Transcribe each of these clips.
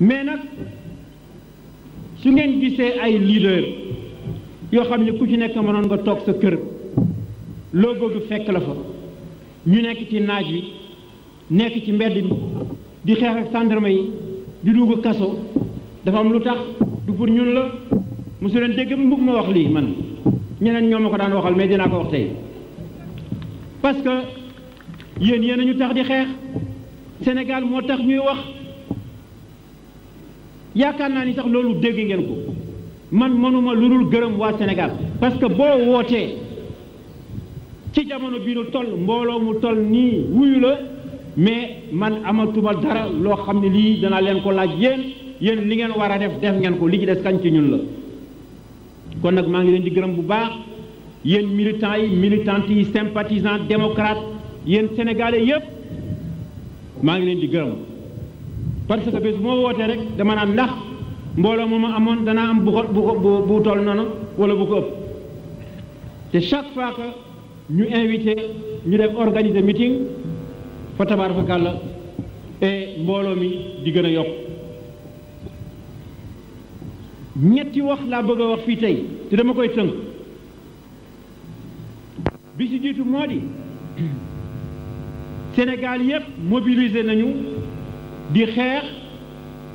mais nag su ngeen gisee ay leader yoo xam ne ku ci nekk mënoon nga toog sa kër loo bëgg fekk la fa ñu nekk ci naaj wi nekk ci mbedd mi di xeex ak gendarme yi di dugg kaso dafa am lu tax du pour ñun la mosu leen dégg mbug ma wax lii man ñeneen ñoo ma ko daan waxal mais dinaa ko wax tey parce que yéen yéen a ñu tax di xeex Sénégal moo tax ñuy wax yaakaar naa ni sax loolu dégg ngeen ko man mënuma lu dul gërëm waa Sénégal parce que boo wootee ci jamono bii nu toll mbooloo mu toll nii wuyu la mais man amatuma dara loo xam ne lii danaa leen ko laaj yéen yéen li ngeen war a def def ngeen ko li ci des kañ ci ñun la kon nag maa ngi leen di gërëm bu baax yéen militants yi militantes yi sympathisants démocrates yéen sénégalais yépp maa ngi leen di gërëm parce que bés bu ma wootee rek dama naan ndax mbooloo moom ma amoon danaa am bu ko bu ko bu toll noonu wala bu ko ëpp te chaque fois que ñu invité ñu def organiser meeting fa tabaar fa kàlla et mbooloo mi di gën a yokk ñetti wax laa bëgg a wax fii tey te dama koy tënk bi ci jiitu moo di Sénégal yépp mobilisé nañu di xeex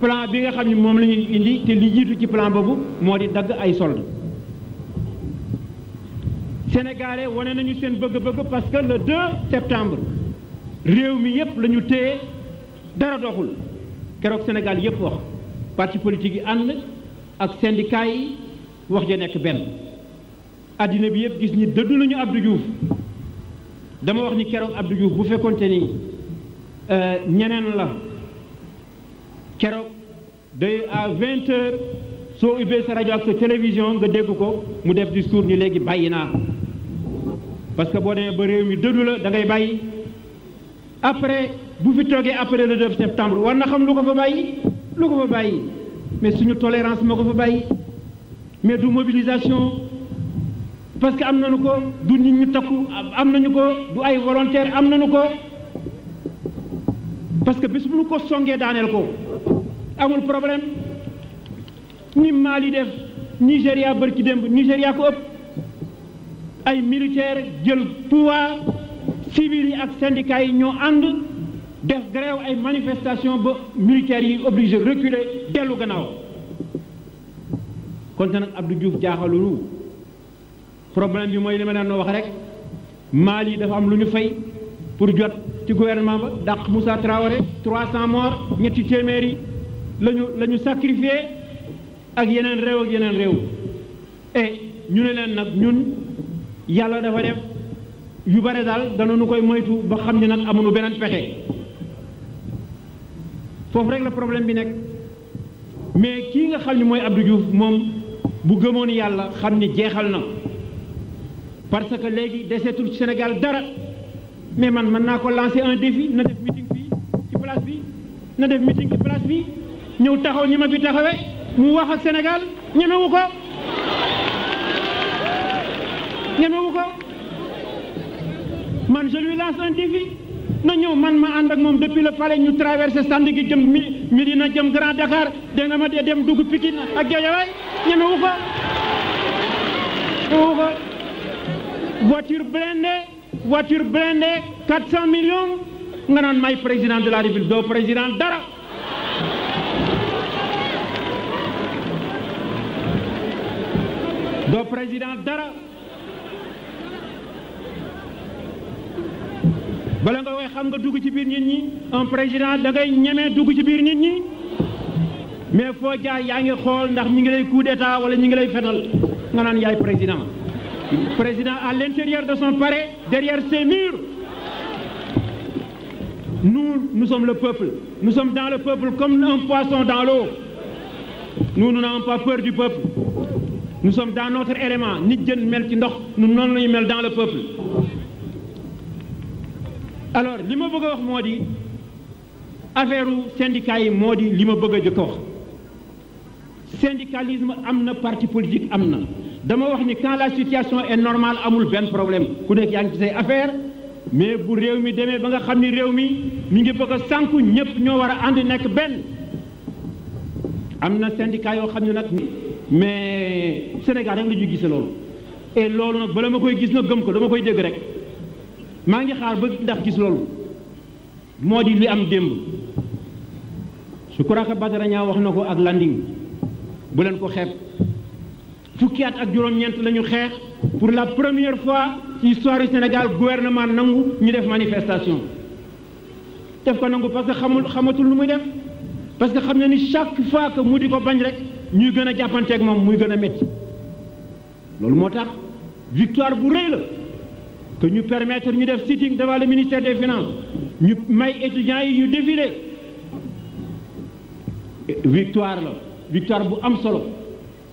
plan bi nga xam ne moom la ñuy indi te li jiitu ci plan boobu moo di dagg ay solde sénégalais wane nañu seen bëgg-bëgg parce que le 2 septembre réew mi yëpp la téye dara doxul keroog Sénégal yépp wax parti politique yi ànd ak syndicat yi wax ja nekk benn addina bi yépp gis ni dëddu nañu Abdou Diouf dama wax ni keroog Abdou Diouf bu fekkonte ni euh, ñeneen la keroog de à 20 heures soo ubbee sa rajo ak sa télévision nga dégg ko mu def discours ni léegi bàyyi naa parce que boo demee ba réew mi dëddu la da ngay bàyyi après bu fi toogee après le 2 septembre war na xam lu ko fa bàyyi lu ko fa bàyyi mais suñu tolérance moo ko fa bàyyi mais du mobilisation parce que am nañu ko du nit ñu takku am nañu ko du ay volontaire am nañu ko parce que bis bu ko songee daaneel ko amul problème ni Mali def Nigeria, barki demb Nigeria, ko ëpp ay militaire jël pouvoir civil yi ak syndicats yi ñoo ànd def grève ay manifestation ba militaires yi obligé reculer dellu gannaaw kon nag Abdou Diouf lu problème bi mooy li ma daan wax rek Mali dafa am lu ñu fay pour jot ci gouvernement ba dàq Moussa Traoré 300 morts ñetti téeméer yi lañu ñu sacrifié ak yeneen réew ak yeneen réew et ñu ne leen nag ñun yàlla dafa def yu bare daal danañu koy moytu ba xam ne nag amuñu beneen pexe foofu rek la problème bi nekk mais kii nga xam ne mooy Abdou Diouf moom bu gëmoon yàlla xam ne jeexal na parce que léegi ci Sénégal dara. mais man man naa ko lancer un défi na def meeting fii ci place bi na def meeting ci place bi ñëw taxaw ñi ma fi taxawe eh? mu wax ak Sénégal ñemewu ko ñemewu ko man je lui lance un défi na ñëw man ma ànd ak moom depuis le palais ñu stand gi jëm Medina jëm Grand Dakar dégg na ma dee dem dugg Pikine ak Guédiawaye eh? ñemewu ko ñemewu ko voiture blindée voiture blindée 400 millions Je suis le président de la république le président dara Le président dara Vous xam nga ci un président de ngay ñemee ci mais il faut yaa ngi xool ndax de ngi lay coup d'état wala ñi ngi lay de faire. président président à l'intérieur de son palais, derrière ses murs. Nous, nous sommes le peuple. Nous sommes dans le peuple comme un poisson dans l'eau. Nous, nous n'avons pas peur du peuple. Nous sommes dans notre élément. Nous sommes dans le peuple. Alors, li ma dit wax syndicat est syndicalisme am parti politique dama wax ni quand la situation est normale amul benn problème ku nekk yaa ngi ci say affaire mais bu réew mi demee ba nga xam ni réew mi mi ngi bëgg a sànku ñëpp ñoo war a ànd nekk benn am na syndicat yoo xam ne nag mais Sénégal rek la ñuy gise loolu et loolu nag bala ma koy gis nag gëm ko dama koy dégg rek maa ngi xaar ba ndax gis loolu moo di li am démb su Soukouraka Battara ñaa wax na ko ak Landing bu leen ko xeeb fukki ak juróom ñent lañu ñu xeex pour la première fois ci histoire du Sénégal gouvernement nangu ñu def manifestation def ko nangu parce que xamul xamatul lu muy def parce que xam na ni chaque fois que mu di ko bañ rek ñuy gën a jàppanteeg moom muy gën a métti loolu moo tax victoire bu rëy la que ñu permettre ñu def sitting devant le ministère des finances ñu may étudiants yi ñu défilé victoire la victoire bu am solo.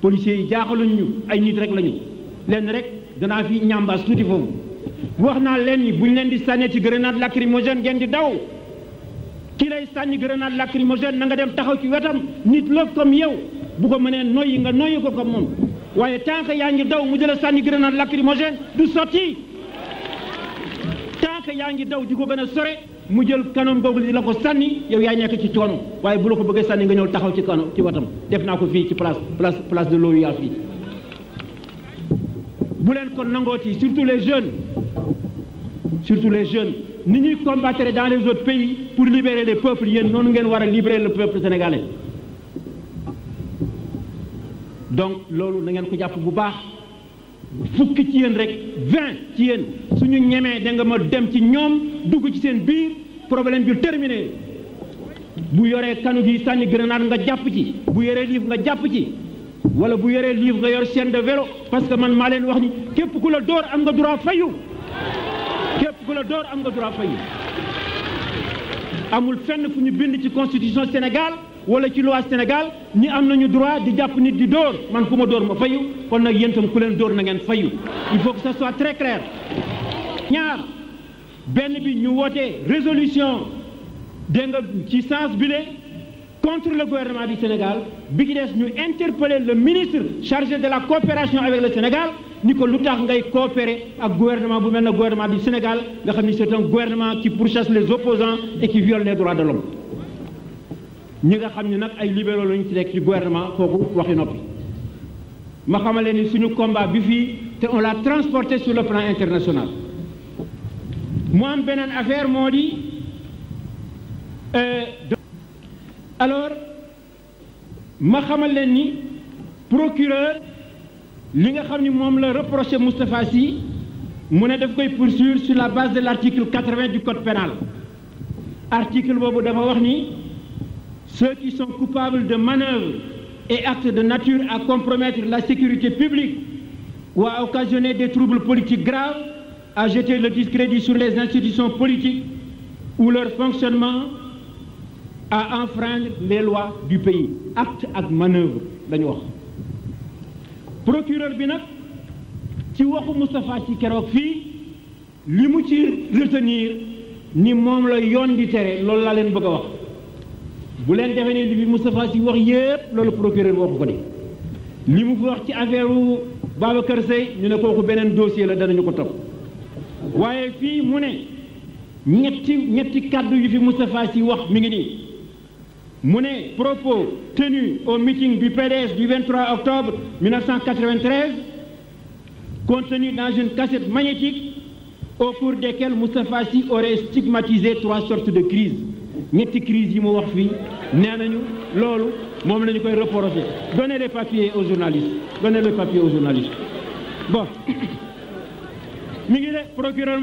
policiers yi jaaxaluñ ñu ay nit rek lañu lenn rek danaa fi ñambaas tuuti foofu wax naa leen ni buñ leen di sànnee ci grenade lacrymogène ngeen di daw kii lay sànni grenade lacrymogène na nga dem taxaw ci wetam nit la comme yow bu ko mënee noyyi nga noyyi ko comme moom waaye tant yaa ngi daw mu jëla sànni grenade lacrymogène du sotti tant yaa ngi daw di ko gën a sore mu jël kanam googu di la ko sànni yow yaa nekk ci coono waaye bu la ko bëggee sànni nga ñëw taxaw ci kanam ci watam def naa ko fii ci place place place de l'OUA yaa fii bu leen ko nangooti surtout les jeunes surtout les jeunes ni ñuy combattre dans les autres pays pour libérer les peuples yéen noonu ngeen war a libérer le peuple sénégalais donc loolu na ngeen ko jàpp bu baax fukki ci yéen rek vingt ci yéen suñu ñemee da nga ma dem ci ñoom dugg ci seen biir problème bi terminé bu yoré kanu gi sànni grenade nga japp ci bu yoré livre nga japp ci wala bu yoré livre nga yor chaîne de vélo parce que man malen leen wax ni képp ku la am nga droit fayu képp ku la am nga droit fayu amul fenn fu ñu bind ci constitution Sénégal wala ci loi Sénégal ni am nañu droit di japp nit di dor man kuma ma ma fayu kon nak yentam ku len dóor na ngeen fayu il faut que ça soit très clair ñaar benn bi ñu une résolution dégg ci sens bi contre le gouvernement du Sénégal bi ci des ñu le ministre chargé de la coopération avec le Sénégal ni ko lu tax ngay coopérer ak gouvernement bu gouvernement du Sénégal nga xam c'est un gouvernement qui pourchasse les opposants et qui viole les droits de l'homme Nous nga xam ne nag ay libéraux ci ci gouvernement kooku waxi noppi ma ni suñu combat bi fii te on l'a transporté sur le plan international mu am affaire dit euh, alors ma xamal procureur li nga xamni mom la Moustapha Sy poursuivre sur la base de l'article 80 du code pénal article bobu dafa wax ni ceux qui sont coupables de manœuvres et actes de nature à compromettre la sécurité publique ou à occasionner des troubles politiques graves à jeter le discrédit sur les institutions politiques ou leur fonctionnement, à enfreindre les lois du pays. acte à manœuvre procureur bi tu ci waxu Moustapha Sy lui fii retenir ni même le yon du terrain, l'on l'a leen bëgg wax bu Moustapha Sy wax procureur vous ko ni li mu Vous wax ci affaire u Babacar ne ñu pas kooku beneen dossier la danañu waaye fii mu ne ñetti ñetti kàddu yu fi Moustapha Sy wax mi ngi nii mu ne propos tenu au meeting du PDS du 23 octobre 1993 contenu dans une cassette magnétique au cours desquels Moustapha Sy aurait stigmatisé trois sortes de crises ñetti crises yi mu wax fii nee nañu loolu moom la koy reprocher donnez les papiers aux journalistes donnez les papiers aux journalistes bon procureur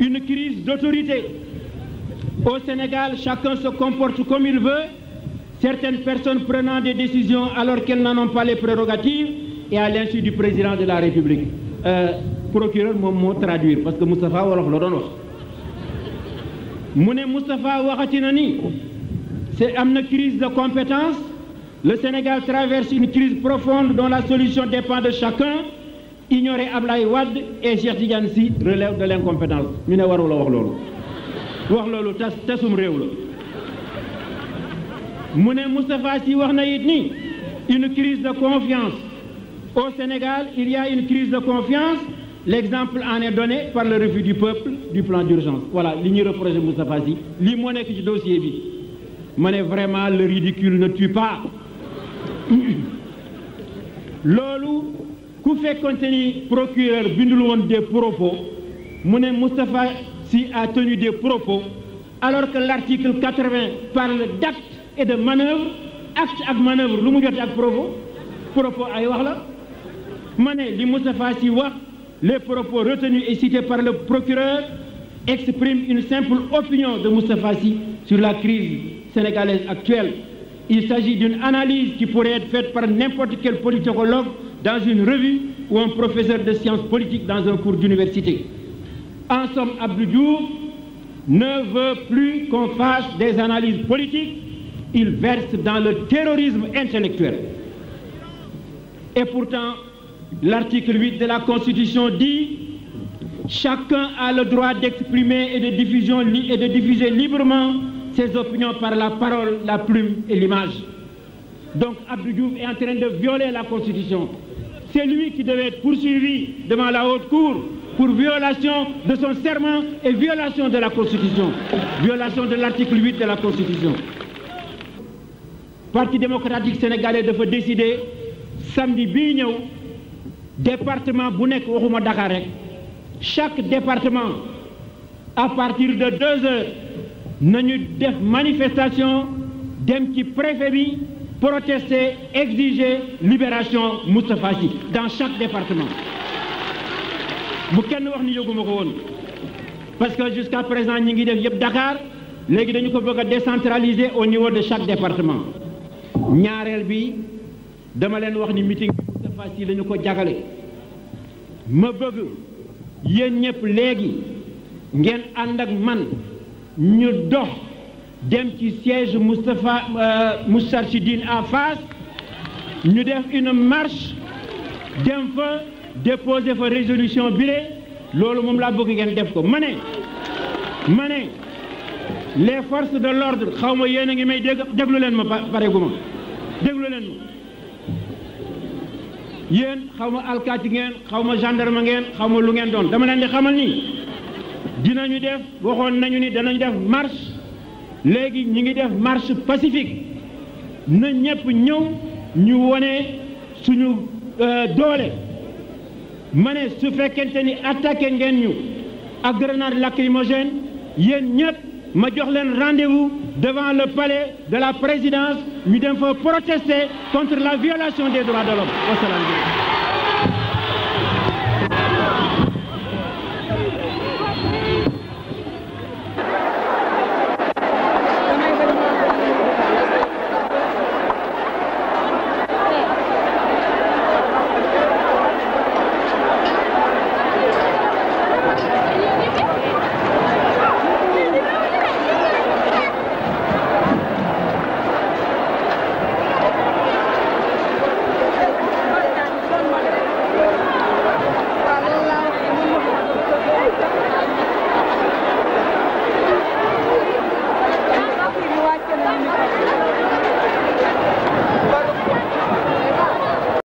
une crise d'autorité au Sénégal chacun se comporte comme il veut certaines personnes prenant des décisions alors qu'elles n'en ont pas les prérogatives et à l'insu du président de la République euh, procureur mon traduire parce que Moustapha Moustapha c'est une crise de compétences. Le Sénégal traverse une crise profonde dont la solution dépend de chacun. Ignorer Ablaï et Cheikh Tidiane relève de l'incompétence. ñu ne warula wax wax la une crise de confiance au Sénégal il y a une crise de confiance l'exemple en est donné par le refus du peuple du plan d'urgence voilà li pour le Moustapha Si. lii moo nekk dossier bi vraiment le ridicule ne tue pas lolu ku fait procureur bindul des propos Moune Moustapha a tenu des propos alors que l'article 80 parle d'actes et de manœuvre acte ak manœuvre lu mu propos propos à wax la si wax les propos retenus et cités par le procureur expriment une simple opinion de Moustapha sur la crise sénégalaise actuelle il s'agit d'une analyse qui pourrait être faite par n'importe quel politologue dans une revue ou un professeur de sciences politiques dans un cours d'université. En somme, Abdou ne veut plus qu'on fasse des analyses politiques, il verse dans le terrorisme intellectuel. Et pourtant, l'article 8 de la Constitution dit « Chacun a le droit d'exprimer et, et de diffuser librement ses opinions par la parole, la plume et l'image. Donc Abdou Diouf est en train de violer la Constitution. C'est lui qui devait être poursuivi devant la haute cour pour violation de son serment et violation de la Constitution. Violation de l'article 8 de la Constitution. Parti démocratique sénégalais devait décider samedi bigno, département Bounek au waxuma chaque département à partir de 2 heures nous def manifestation dem qui préfet protester exiger libération Moustapha dans chaque département kenn wax parce que jusqu'à présent ñi ngi def Dakar dañu décentraliser au niveau de chaque département Nous bi dama meeting Moustapha Sy Nous avons nous dox dem ci siège Moustapha euh, Moustarchidine en face ñu def une marche dem fa déposer fa résolution bile loolu moom la bëgg ngeen def ko ma les forces de l'ordre xaw ma yéen a ngi may dégg déglu leen ma déglu gendarme lu dama dinañu def waxoon nañu ni danañ def marche léegi ñi ngi def marche pacifique na ñëpp ñëw ñu wone suñu euh, doole ma ne su fekkente ni attaqué ngeen ñu ak grenade lacrymogène yéen ñëpp ma jox leen rendez-vous devant le palais de la présidence ñu dem fa protester contre la violation des droits de l'homme wasalaam